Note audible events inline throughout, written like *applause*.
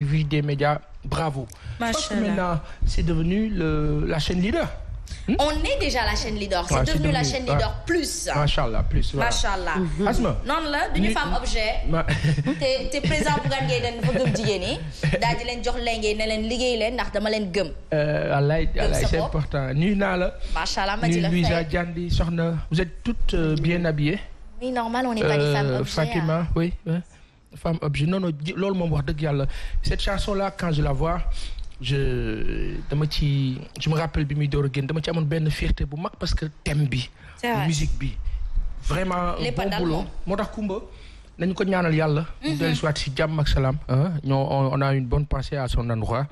vie des médias bravo. parce c'est devenu la chaîne leader. Hmm? on est déjà la chaîne leader. c'est devenu, la chaîne leader plus. macha allah plus voilà macha allah. la du ñu femme objet. te te président Bougane Gueye dañ dafa gëm jigéen ñi daal di leen jox lenge ne leen liggéey leen ndax ma leen gëm. wallaay euh, wallaay c'est important nuyu naa la. macha allah ma di la fay Luisa Diandi soxna vous êtes toutes euh, bien habillées. oui normal on est pas des euh, femmes femme objet non loolu moom wax dëgg yàlla cette chanson là quand je la vois dama ci je me rappelle bi muy door a génn dama ci amoon benn fierté bu mag parce que thème bi. musique bi vraiment. bon moo tax Kumba. nañ ko ñaanal yàlla. Mm-hmm. mu si waat si jàmm ak salaam. Ah, ñoo on a une bonne pensée à son endroit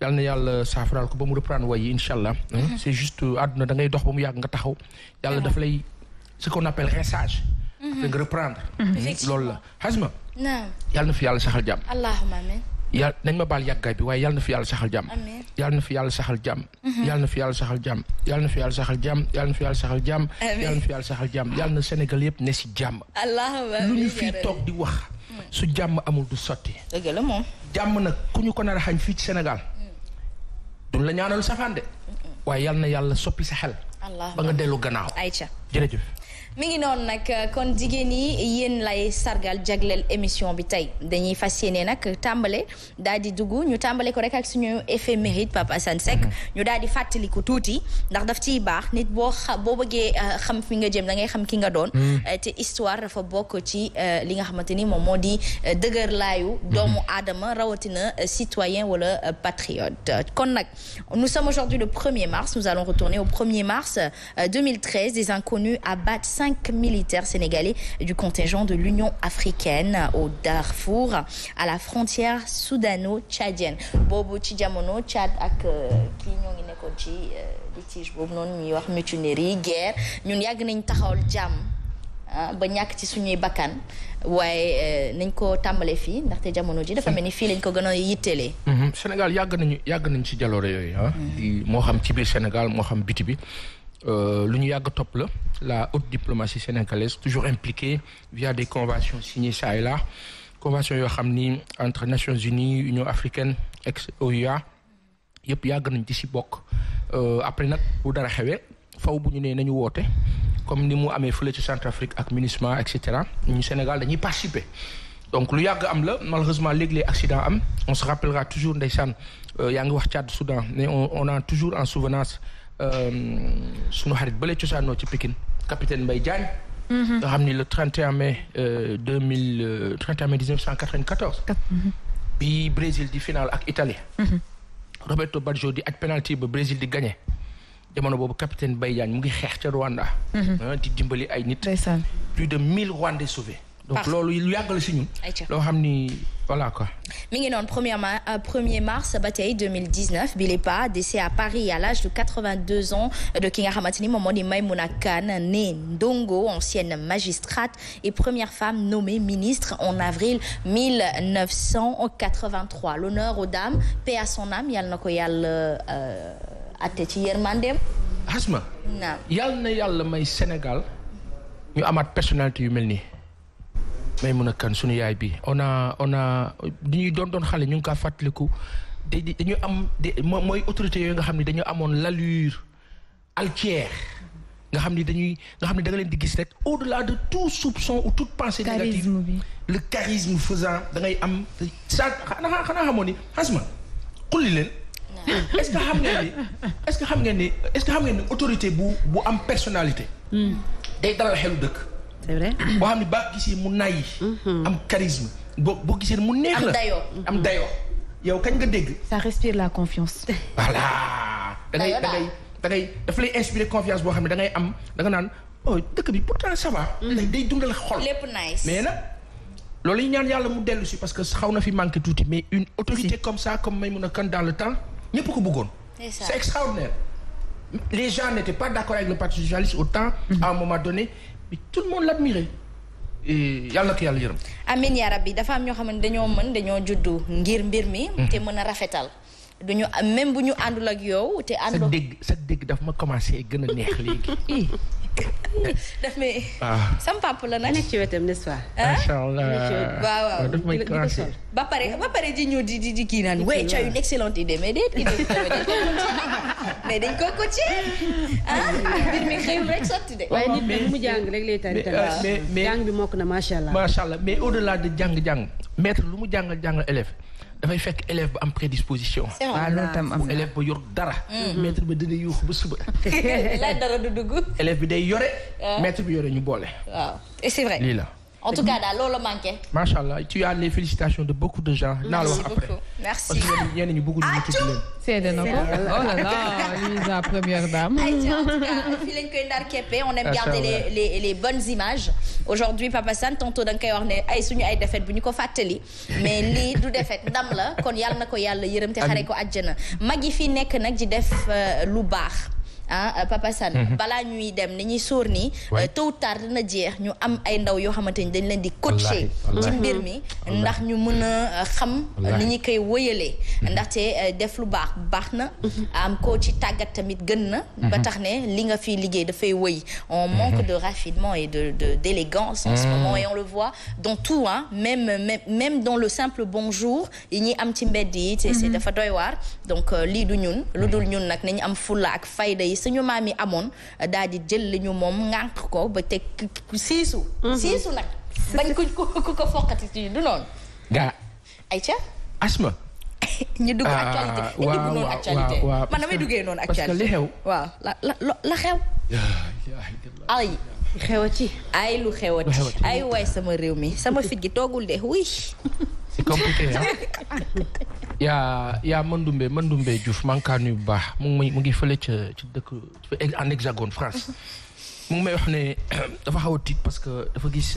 na yàlla saafaraal ko ba mu reprendre way yi incha allah. Ah, mm-hmm. c' juste àdduna da ngay dox ba mu yàgg nga taxaw. yàlla daf lay ce qu'on appelle ressage. Mm-hmm. Mm-hmm. Mm-hmm. lool la xasma. naam yàlla na fi yàlla saxal jàmm. allahumma amin. yàlla nañ ma baal yàggaay bi waaye yàlla na fi yàlla saxal jàmm. amiin na fi yàlla saxal jàmm. yàlla na fi yàlla saxal jàmm. yàlla na fi yàlla saxal jàmm yàlla na fi yàlla saxal jàmm. amiin na Sénégal yëpp ne si jàmm. allahumma amiin lu ñu fii toog di wax. Mm. su jàmm amul du sotti. dëgg la jàmm nag ku ñu ko nar fii ci Sénégal. Mm. duñ la ñaanal safaan de. waaye yàlla na yàlla soppi sa xel. ba nga dellu gannaaw. mi ngi noonu nag euh, kon jigéen yi yéen lay sargal jagleel émission bi tey dañuy fas yéene nag tàmbale daal di dugg ñu tàmbale ko rek ak suñu éphéméride Papa Assane mm-hmm. ñu daal di fàttali tuuti ndax daf ciy baax nit boo xa boo bëggee euh, xam fi nga jëm da ngay xam ki nga doon. Mm-hmm. Euh, te histoire dafa bokk ci li nga xamante ni moom moo di dëgër laayu. doomu mm-hmm. aadama rawatina citoyen wala patriote. kon nag nous sommes aujourd'hui le 1 mars nous allons retourner au 1er cinq militaires sénégalais du contingent de l'Union africaine au Darfour à la frontière soudano-tchadienne boobu ci jamono Tchad ak euh, kii ñoo ngi nekkoon ci euh, litige boobu noonu ñuy wax mutinerie guerre ñun yàgg nañ taxawal jàmm ah, ba ñàkk ci suñuy bakkan waaye euh, nañ ko tàmbale fii ndaxte jamono ji dafa mel ni fii lañ ko gën a yittelee. Mhm. Sénégal yàgg nañu yàgg nañ ci jaloore yooyu ah. mhm. moo xam ci Sénégal moo xam biti Euh, lu ñu yàgg topp la la haute diplomatie sénégalaise toujours impliquée via de conventions si ça et là convention yoo xam ni entre Nations Unies Union africaine ex OUA yëpp yàgg nañ ci si bokk euh, après nag bu dara xewee faw bu ñu nee nañu woote comme ni mu amee fële ci Centrafrique ak MINUSMA et cetera ñu Sénégal dañuy participer donc lu yàgg am la malheureusement léglé accident am on se rappellera toujours ndeysaan euh, yaa ngi wax Tchad Soudan mais on a toujours en Euh, sunu xarit bële cosaanoo ci Pikine capitaine Mbaye Diagne. Mhm. nga xam ni le 31 mai euh, deux mille 31 euh, mai 1994. bi Brésil di final ak Italie. Mhm. Roberto Baggio di aj penalty ba Brésil di gagné. jamono boobu capitaine Mbaye Diagne mu ngi xeex ca Rwanda. Mhm. Ah, di dimbali ay nit. plus de mille Rwandais sauvés. donc loolu lu yàgg la si loo xam ni voilà mi ngi noonu premier ma euh, premier mars ba tey 2019 bi pas décès à Paris à l'âge de 82 ans de ki nga xamante ni moom moo di Maïmouna Kane née Ndongo ancienne magistrate et première femme nommée ministre en avril 1983 l'honneur aux dames paix à son âme yàlla na ko yàlla euh, atte ci yërmandeem. Asma. naam yàlla na yàlla may yu may mun a kan suñu yaay bi on a on a ñuy doon doon xale ñu ngi kaa fàttaliku dañu am mooy autorité yooyu nga xam ne dañu amoon l'allure altière nga xam ni dañuy nga xam ne da nga leen di gis rek au-delà de tout soupçon ou toute pensée négative le charisme faisant da ngay am sa xanaa xanaa xamoon ni xasma xulli leen est-ce que xam ngeen ni est-ce que xam ngeen ni est-ce que xam ngeen ni autorité bu bu am personnalité hmm. day dalal xelu dëkk c'est boo xam ne ba gisee mu nay. Mm-hmm. am charisme boo boo gisee mu neex la am dayoo am dayoo yow kañ nga dégg. sa respire la confiance. *laughs* voilà da ngay da ngay da ngay daf lay inspirer confiance boo xam ne da ngay am da naan oh dëkk bi pourtant ça va. Mm-hmm. day dundal xol lépp nice mais nag. loolu yi ñaan yàlla mu dellu si parce que xaw na fi manqué tuuti mais une autorité comme ça comme Maïmouna Kane dans le temps ñëpp ko bëggoon. c'est extraordinaire. les gens n'étaient pas d'accord avec le parti socialiste autant. Mm-hmm. à un moment donné mais tout le monde l'admirait yàlla na ko yàlla yërëm. amiin yaa rabbi dafa am ñoo xam ne dañoo mën dañoo juddu ngir mbir mi. Mhm. te mën a rafetal. du ñu même bu ñu àndul ak yow. te àndul sa dégg sa dégg dafa ma commencé gën a neex léegi. *laughs* daf may. ah la nag. nekk ci wetam n'est-ce pas. macha ah? waaw waaw daf may classé. ba pare ba pare ji ñëw di di kii naan. oui tu as une mais déet idée mais dañ ko ko ah, de. waaye nit mu jàng rek lay tari tari. Euh, jàng bi mokk na macha allah. macha allah mais au delà de jàng jàng maître lu mu jàngal jàngal élève. dafay fekk élève ba am prédisposition. ah loolu am élève ba yor dara. Mm. maître ba dina yuux ba suba. lay *laughs* dara du dugg. élève bi day yore. Ah. maître bi yore ñu boole. waaw et lii la. en tout cas daal loolu manqué. macha allah tu as les de beaucoup de gens. naa la wax après merci beaucoup merci. ñenn ñi bëgg nañu ci leen. seede oh les les les bonnes images. aujourd'hui Papa San koy wax ne ay suñu ay défaite bu ñu ko fàttali. mais lii du défaite ndam la kon yàlla na ko yàlla yërëm te xare ko àjjana mag yi fi nekk nag di def euh, lu baax. ah euh, Papa mhm. balaa ñuy dem ni ñuy sóor ni euh, tôt ou tard dina jeex ñu am ay ndaw yoo xamante ni dañ leen di coacher. ci mbir mi ndax ñu mën a euh, xam. ni ñu koy wëyalee. Mhm. ndaxte def lu baax baax na. Mhm. am koo tàggat tamit gën na. ba tax ne li nga fi liggéey dafay wëy on manque de raffinement et de d'élégance en ce moment et on le voit dans tout hein même même même dans le simple bonjour yi ñuy am ci mbedd yi. te c'est dafa doy waar donc lii du ñun lu dul ñun nag nañu am fulla ak fayda yi suñu maam yi amoon euh, daal di jël lañu moom ngànk ko ba teg siisu mhm. siisu nag bañ ko ku ko foqati ci du noonu gaa ay ca asma *laughs* ñu dugg ah, actualité ñu dugg noonu duggee noonu actualité parce que xew waaw la la la xew ay waay sama réew mi sama fit gi toogul de wuy *laughs* yaa yaa Mandoumbe man Diouf maa ngi kaa nuyu bu baax mu ngi mu ngi fële ca ci dëkk en hexagone France mu ngi may wax ne *clears throat* dafa xaw a tiit parce que dafa gis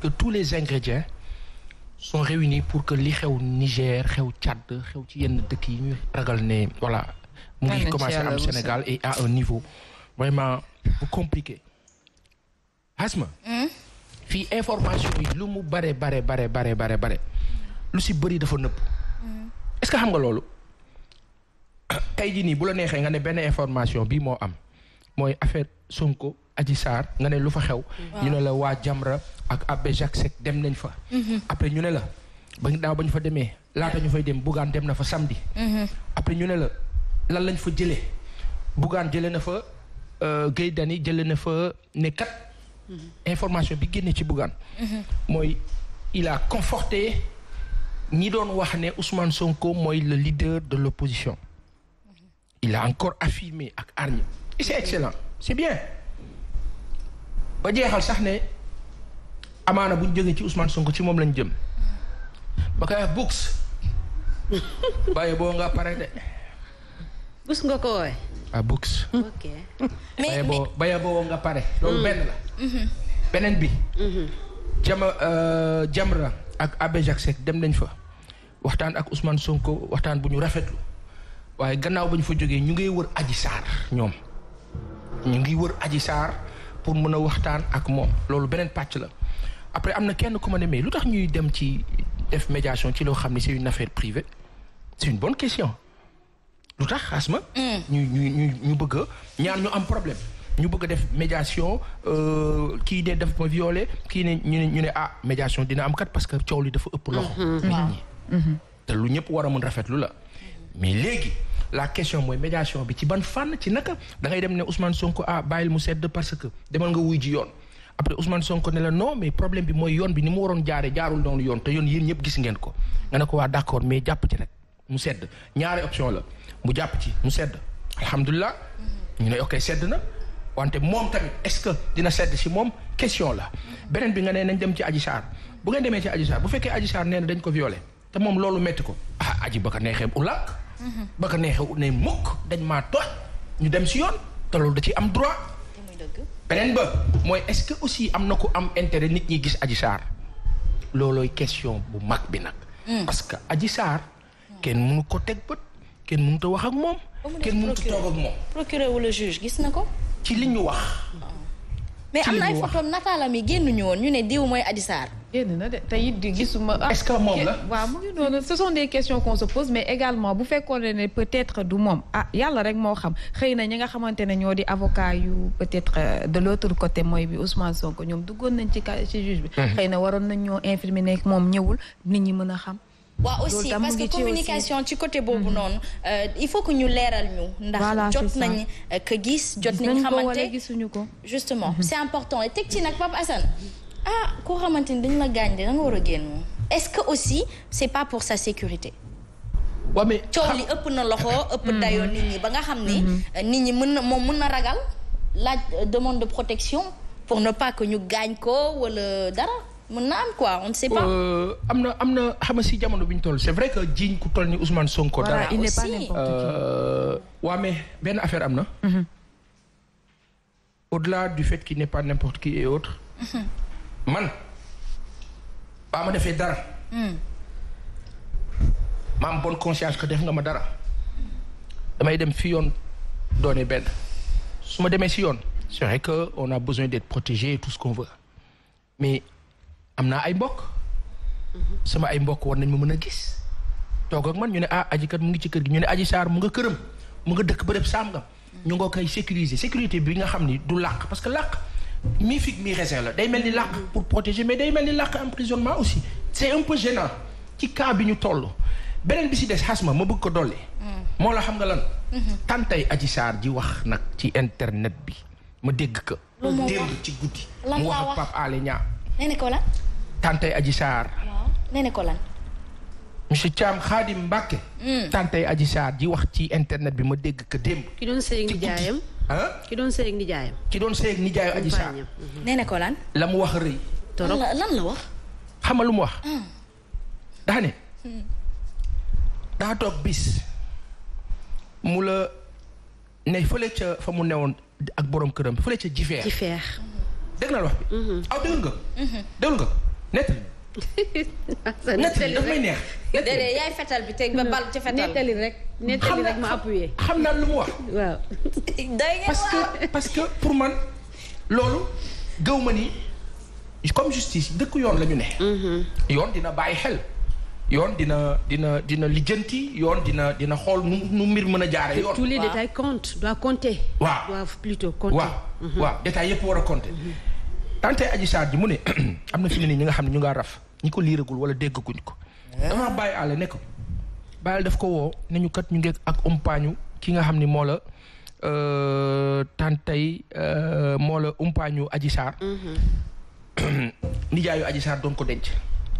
que tous les ingrédients sont réunis pour que li xew Niger xew Tchad xew ci yenn dëkk yi ñuy ragal ne voilà mu ngi commencé am Sénégal et à un niveau vraiment bu compliqué asma hmm? fii information yi lu mu bare bare bare bare bare bare lu si bëri dafa nëpp est-ce que xam nga loolu tey jii nii bu la neexee nga ne benn information bi moo am mooy affaire Sonko aji Sarr nga ne lu fa xew. ñu ne la waa Jamra ak Abbé Jacques Seck dem nañ fa. Mhm. après ñu ne la ba daaw fa demee laata ñu fay dem Bougane dem na fa samedi. Mhm. après ñu ne la lan lañ fa jëlee Bougane jële na fa euh, Guèye Dany jële na fa ne mhm. information bi génne ci Bougane. mooy il a ñi doon wax ne Ousmane Sonko mooy le leader de l'opposition il a encore affirmé ak hargne et c'est excellent c'est bien ba jeexal sax ne amaana buñ ñu jógee ci Ousmane Sonko ci moom lañ jëm ba koy wax books *laughs* bàyyi boo nga pare ah, nga pare loolu mm. benn la mm-hmm. beneen bi mm-hmm. jama euh, jamra ak Abbé Jacques dem nañ fa waxtaan ak Ousmane Sonko waxtaan bu ñu rafetlu waaye gannaaw ba ñu fa jógee ñu ngi wër aji Sarr ñoom ñu ngi wër aji Sarr pour mën a waxtaan ak moom loolu beneen pàcc la après am na kenn ku ma ne mais lu tax ñuy dem ci def médiation ci loo xam ne c'est une affaire privée c'est une bonne question lu tax asma mm. ñu ñu ñu ñu bëgg ñaar ñu am problème ñu bëgg a def médiation euh, kii dee daf ma violé kii ne ñu ne ñu ne ah médiation dina am kat parce que coow li dafa ëpp loxo mm-hmm. nit mm-hmm. te lu ñëpp war a mun lu la mais léegi la question mooy médiation bi ci ban fànn ci naka da dem ne Ousmane sonk ah bàyyil mu sedd parce que demal nga wuy ji yoon après Ousmane Sonko ne la non mais problème bi mooy yoon bi ni mu waroon jaare jaarul noonu yoon te yoon yéen ñëpp gis ngeen ko nga ne ko waa d'accord mais jàpp ci rek mu sedd ñaari option la mu jàpp ci mu sedd alhamdulilah mm-hmm. ñu ne ok sedd na wante moom tamit est-ce que dina sedd si moom question la beneen bi nga nee nañ dem ci aji Sarr bu ngeen demee ci Adji Sarr bu fekkee Adji Sarr nee na dañ ko violé te moom loolu metti ko ah aji ba ko neexee ulàkk mhm. ba ko neexee ne mukk dañ maa toj ñu dem si yoon te loolu da ci am droit beneen ba mooy est-ce que aussi am na ko am intérêt nit ñi gis aji Sarr loolooy question bu mag bi nag mm. parce que Adji Sarr kenn mënu ko teg bët kenn mënu ta wax ak moom kenn mënu a toog ak moom procureur wala gis na ko ci li ñu wax. mais am na ay photos nataalam yi génnuñu woon ñu ne diw mooy Adji Sarr. génn na de tey it di gisuma. Ah, est-ce que moom la waa mu ngi noonu ce sont des questions qu'on se pose mais également bu fekkoon ne peut-être du moom ah yàlla rek moo xam xëy na ñi nga xamante ne ñoo di avocat yu peut-être euh, de l'autre côté mooy bi Ousmane Sonko ñoom duggoon nañ ci ci juge bi. Mhm. xëy na waroon nañ ñoo infirmer nekk moom ñëwul nit ñi mën a xam. waaw aussi parce que communication ci côté boobu mm-hmm. noonu euh, il faut que ñu leeral ñu ndax jot nañ euh, que gis jot nañ xamante gisuñu ko justement mm-hmm. c'est important teg ci nag Pape Assane ah koo xamante ni dañ la gaañ de da war a génn est-ce que aussi c'est pas pour sa sécurité waaw mais coow li ëpp na loxo ëpp mm-hmm. dayoo nit ñi ba nga xam ni euh, nit ñi mën na moom mun na ragal laaj demande de protection pour ne pas que ñu gaañ ko wala dara mën na am quoi euh, am na am na xam si jamono bi ñu toll c'est vrai que jiiñ ku toll ni Ousmane Sonko. dara il euh, benn affaire am na. Mhm. au-delà du fait qu'il n'est pas n'importe qui et autres. Mhm. man baa ma defee dara. Mhm. ma am bonne conscience que def nga ma dara. damay dem fi yoon doone benn su ma demee si yoon. c'est vrai que on a besoin d'être protégé tout ce qu'on veut am naa ay mbokk sama ay mbokk war nañ ma mën a gis toog ak man ñu ne ah aji mu ngi ci kër gi ñu ne aji saar mu nga këram mu nga dëkk bërëb sàmm ñu nga koy sécuriser sécurité bi nga xam ni du làq parce que làq mi fic mi raisin la day mel ni làq pour protéger mais day mel ni làq emprisonnement aussi c'est un peu gênant ci cas bi ñu toll beneen bi si des xas ma ma bëgg ko dolli. Mm. moo la xam nga lan. Mm-hmm. tantay Adji Sarr ji wax nag ci internet bi ma dégg ko. démb ci guddi. mu wax ak ko la. tantay Aji Sarr. waaw nee na ko lan. monsieur Thiam xaadim Mbacke. Mm. tantay Aji Sarr ji wax ci internet bi ma dégg ko démb. ki doon sëy ak nijaayam ki doon sëy nijaayam. ki doon sëy ak nijaayu Aji Sarr. Mhm. nee ko lan. la mu wax rëy. torop lan la wax. lu mu wax. Mm. daa ne. Mm. daa toog bis. mu la ne fële fa mu newoon ak borom këram fële ca jifeer. jifeer. dégg na la wax bi. Mhm. aw déglu nga. Mhm. déglu nga. nettali. nettali daf may neex. déedéet yaay fetal bi teg ba bal ci fetal. nettali rek nettali rek ma appuyé. xam naa lu mu day ngeen parce que parce que pour man loolu gëw ma ni comme justice dëkk yoon la ñu ne. Mhm. yoon dina bàyyi xel. yoon dina dina dina lijjanti yoon dina dina xool nu nu mbir mën a jaaree yoon. tous les détails comptent doit compter. waaw doit plutôt compter. Mhm. yëpp war a compter. Mhm. tante Adji Sarr ji mu ne *clears throat* am na fi mu ne ñi nga xam ne ñu ngaa raf ñi ko liiragul wala déggaguñ ko. Eh? damaa bàyyi àll ne ko bàyyil def ko woo ne ñu kat ñu ngeeg ak umpaañu ki nga xam ne moo la euh, tantay euh, moo la umpaañu Adji Sarr. Mm-hmm. *clears throat* nijaayu Adji Sarr doon ko denc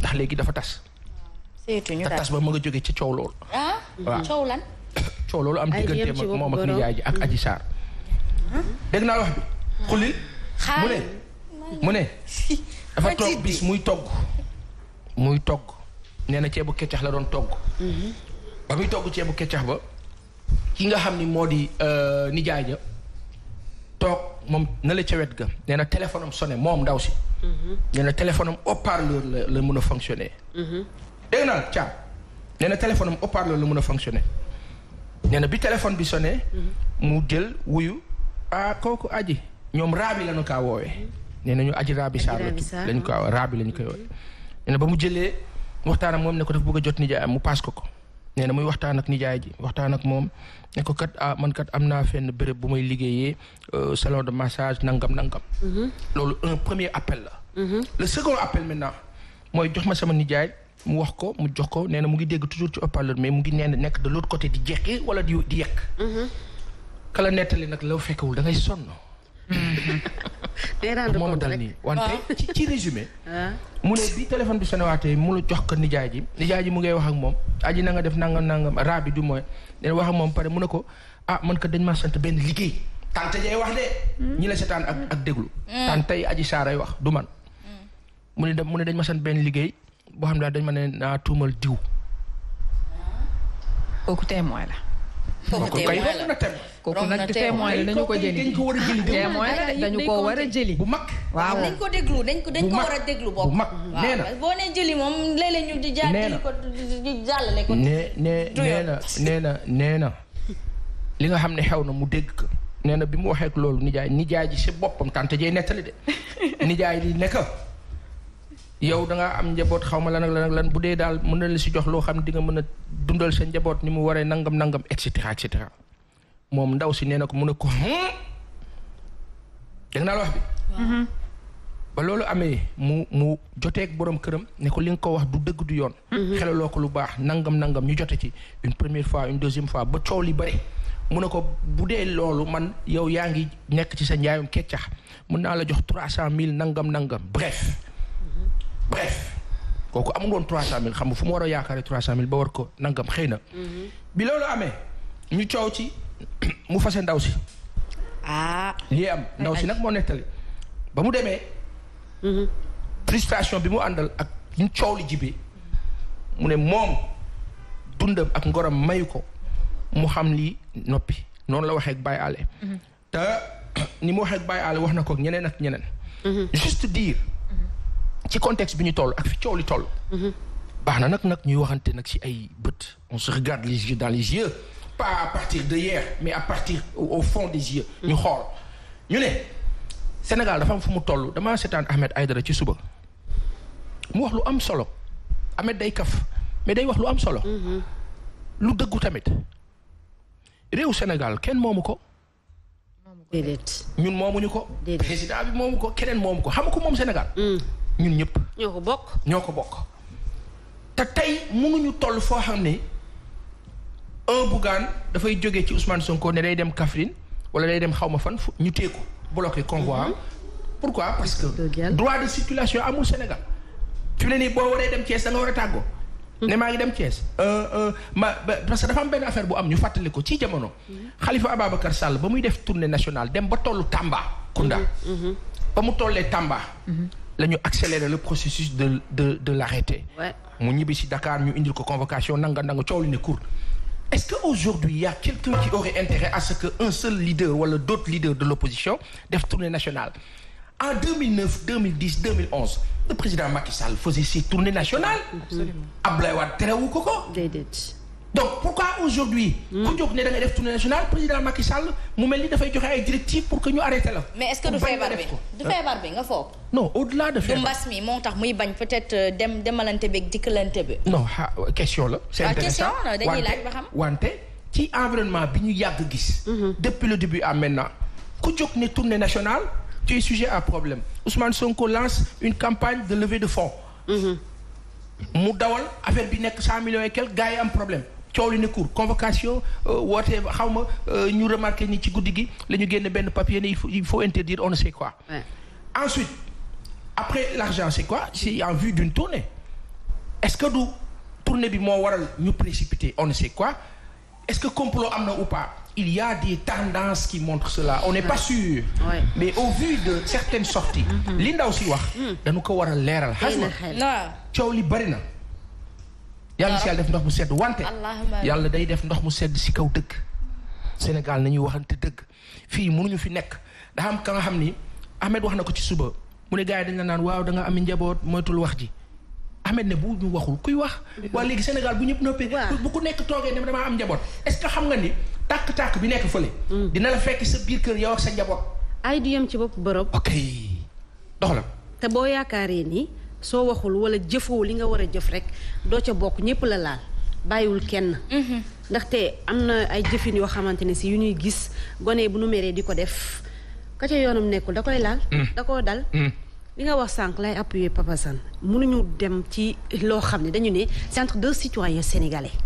ndax léegi dafa tas. te tas ba ma nga jóge ci coow loolu. Ah? waaw mm-hmm. coow loolu am diggante moom ak nijaay ji ak Adji mm-hmm. dégg naa wax bi xulil mu ne. mu ne *laughs* dafa toog bis muy togg muy togg nee ceebu keccax la doon togg mm-hmm. ba muy togg ceebu keccax ba ki nga xam ni moo di euh, nijaay ja toog moom na la ca ga nee na téléphone moom ndaw si mm-hmm. nee na téléphone la la mën a fonctionner mm-hmm. dégg naa caam nee na téléphone la mën a fonctionner nee bi téléphone bi sone mu jël wuyu ah, kooku aji ñoom raabi lañu kaa woowee nee nañu aji raabi saar lañ ko raabi lañ koy wooye nee na ba mu jëlee waxtaanam moom ne ko daf bëgg a jot mu paas ko ko nee na muy waxtaan ak nijaay ji waxtaan ak moom ne kat ah man kat am naa fenn béréb bu may liggéeyee euh, salon de massage nangam nangam mhm. loolu un premier la mhm. le second appel maintenant mooy jox ma sama nijaay mu wax ko mu jox ko nee na mu ngi dégg toujours ci haut-parleur mais mu ngi nee nekk de l'autre côté di jeqi wala di di yekk mhm. kala nettali nag loo fekkewul da ngay sonn *laughs* day rendre moom dal nii wante ci ci résumé. *laughs* mu ne bi téléphone bi sonewaatee mu la jox ko nijaay ji nijaay ji mu ngay wax ak moom aji nanga def nangam nangam raa bi du mooy dina wax ak moom pare mu ne ko ah man ko dañ ma sant benn liggéey. tante jay wax de. Hmm? ñi la seetaan ak ak déglu. Hmm. tante yi aji saaray wax du man. Hmm. mu ne dem mu ne dañ ma sant benn liggéey boo xam ne dañ ma ne naa tuumal diw. kooku témoin la. kooku kay romb na témoin kooku ko jëli dañ ko war a la dañu ko war a jëli bu mag waaw dañ ko déglu dañ ko dañ ko war a nee na boo nee jëli moom léeg-léeg ñu di jàll ko na nee na nee na li nga xam ne xew na mu dégg ko nee na bi mu waxee ak loolu nijaay nijaay ji si boppam tante jay nettali de *laughs* nijaay li nekk yow da ngaa am njaboot xaw ma lan ak lan ak lan bu dee daal mën na la si jox loo xam ne di nga mën a dundal sa njaboot ni mu waree nangam nangam et cetera et cetera moom ndaw si nee na ko mën a ko hmm? dégg mhm. loolu amee mu mu joteeg borom këram ne li nga ko wax du dëgg du yoon. Mhm. xelaloo ko lu nangam nangam ñu jote ci une première fois deuxième fois ba coow li bari mu ne ko bu dee loolu man yow yaa ngi nekk ci sa njaayum keccax mën naa la jox trois cent mille nangam nangam bref. bref kooku amul woon trois cent mille xam nga fu mu war a yaakaare trois cent mille ba war ko nangam xëy na. Mhm. bi loolu amee ñu coow ci *clears throat* mu fase ndaw si. ah. am ndaw si nag moo nettali ba mu demee. Mhm. frustration bi mu àndal ak ñu coow li jibee mu ne moom dundam ak ngoram mayu ko mu xam lii noppi noonu la waxee ak Baye mhm. te *clears throat* ni mu waxee ak Baye wax na ko ñeneen ak ñeneen. ci contexte bi ñu toll ak fi coow li toll. Mhm. baax na nag nag ñuy waxante nag ci ay bët on se regarde les yeux dans les yeux pas à partir de hier mais à partir au fond des yeux. Mhm. ñu xool ñu ne Sénégal dafa am fu mu toll damaa seetaan Ahmed Aïdara ci suba mu wax lu am solo Ahmed day kaf mais day wax lu am solo. Mhm. lu dëggu tamit réew Sénégal kenn moomu ko. déedéet ñun moomuñu ko. président bi moomu ko keneen moomu ko xam ko moom Sénégal. Mm. ñun ñëpp. ñoo ko bokk ñoo ko bokk. te tey mu ñu toll foo xam ne un Bougane dafay jóge ci Ousmane Sonko ne day dem Kaffrine wala day dem xaw ma fan ñu téye ko bloqué convoi am. Mhm. pourquoi parce que droit de circulation amul Sénégal. fi ne nii boo waree dem Thiès da nga war a tàggoo. Mhm. ne maa ngi dem Thiès. Euh, euh, ma parce que dafa am benn affaire bu am ñu fàttali ko ci jamono. Mhm. Khalifa Ababacar Sall ba muy def tournée nationale dem ba tollu Tamba. Kounda. ba mu tollee Tamba. la ñu accélérer le processus de de de l'arrêté mu ñibbi si Dakar ñu indil ko convocation nanga nanga coow li ne cour est-ce que aujourd'hui y a quelqu'un qui aurait intérêt à ce que un seul leader wala d'autres leaders de l'opposition def tournée nationale en 2009 2010 2011 le président Macky Sall faisait ses tournées nationales Absolument. Abdoulaye Wade terewu ko ko déedéet donc pourquoi aujourd'hui ku jóg ne da def tournée nationale président Macky Sall mu mel ni dafay joxe ay directives pour que ñu arrêté la. mais est-ce que du feebar bi nga foog. non au-delà de. feebar du mbas mi moo tax muy bañ peut-être euh, dem demalante beeg lante bi. non xa question la. c'est ah, intéressant dañuy laaj ba xam wante ci environnement bi ñu yàgg gis. Mhm. depuis le début à maintenant ku jóg ne tournée nationale ci es sujet à problème Ousmane Sonko lance une campagne de levée de fonds. Mhm. mu dawal affaire bi nekk cent millions et quelques yi am problème. coow li ne cour convocation euh, wootee xaw ma euh, ñu remarqué ni ci guddi gi la ñu génne benn papier ne il faut il faut interdire on ne sait quoi. ensuite après l'argent c'est quoi c'est en vue d'une tournée est-ce que du tournée bi moo waral ñu précipité on ne sait quoi est-ce que complot am na ou pas. il y a des tendances qui montrent cela on n'est ouais. pas sûr mais au vu de certaines sorties mm-hmm. li ndaw si wax mm-hmm. dañu ko war a leeral ma na coow li bari na yàlla si yàlla def ndox mu sedd wante yàlla day def ndox mu sedd si kaw dëgg Sénégal nañuy waxante dëgg fii ñu fi nekk dax am ka nga xam ni Ahmed wax na ko ci suba mu ne gars dañ la naan waaw da nga am njaboot moytul wax ji Ahmed ne bu ñu waxul kuy wax waa léegi Sénégal bu ñëpp noppee bu ku nekk toogee ne damaa am njaboot est-ce que xam nga ni tàkk-tàkk bi nekk fële mm. dina la fekk sa biir kër yow sa njaboot ay du yem ci bopp bërëb ok dox la te boo yaakaaree nii soo waxul wala jëfoo li nga war a jëf rek doo ca bokk ñëpp la laal bàyyiwul kenn. Mm-hmm. ndaxte am na ay jëfin yoo xamante ne si yu ñuy gis gone bu nu meree di ko def ka ca yoonam nekkul da koy laal. Mm. da koo dal. Mm. li nga wax sànq lay appuyer Papa Sane mënuñu dem ci loo xam ne dañu ne c'est entre deux citoyens sénégalais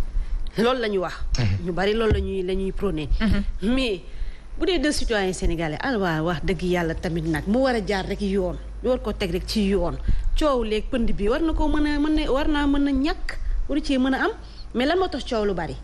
loolu la ñu wax. Mm-hmm. ñu bari loolu la ñuy la ñuy prôné. Mm-hmm. mais bu dee deux citoyens sénégalais alwaa wax dëgg yàlla tamit nag mu war a jaar rek yoon ñu war ko teg rek ci yoon coow leeg pënd bi war na ko mën a mën na war naa mën a ñàkk waru ci mën a am mais lan moo tax coow lu bari